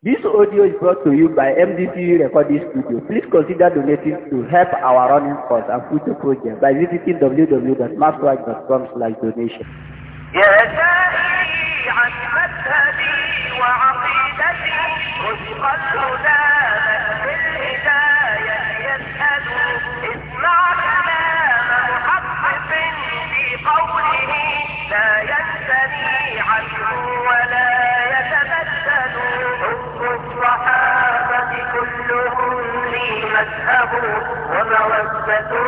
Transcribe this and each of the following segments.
This audio is brought to you by MDCU Recording Studio. Please consider donating to help our running cause and future project by visiting www.maswag.com slash donation. Yes, sir. Pedro.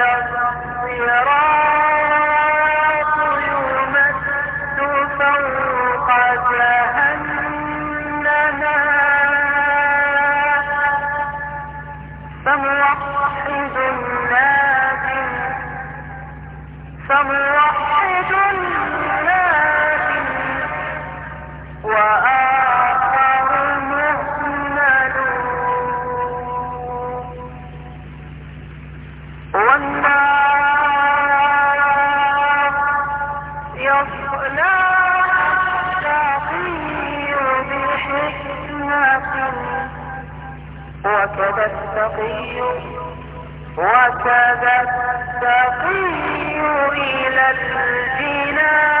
Gracias. التقي وكذا التقي إلى الجنان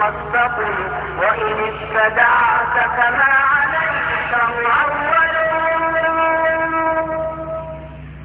واتقوا وإن استدعت فما عليك شرعا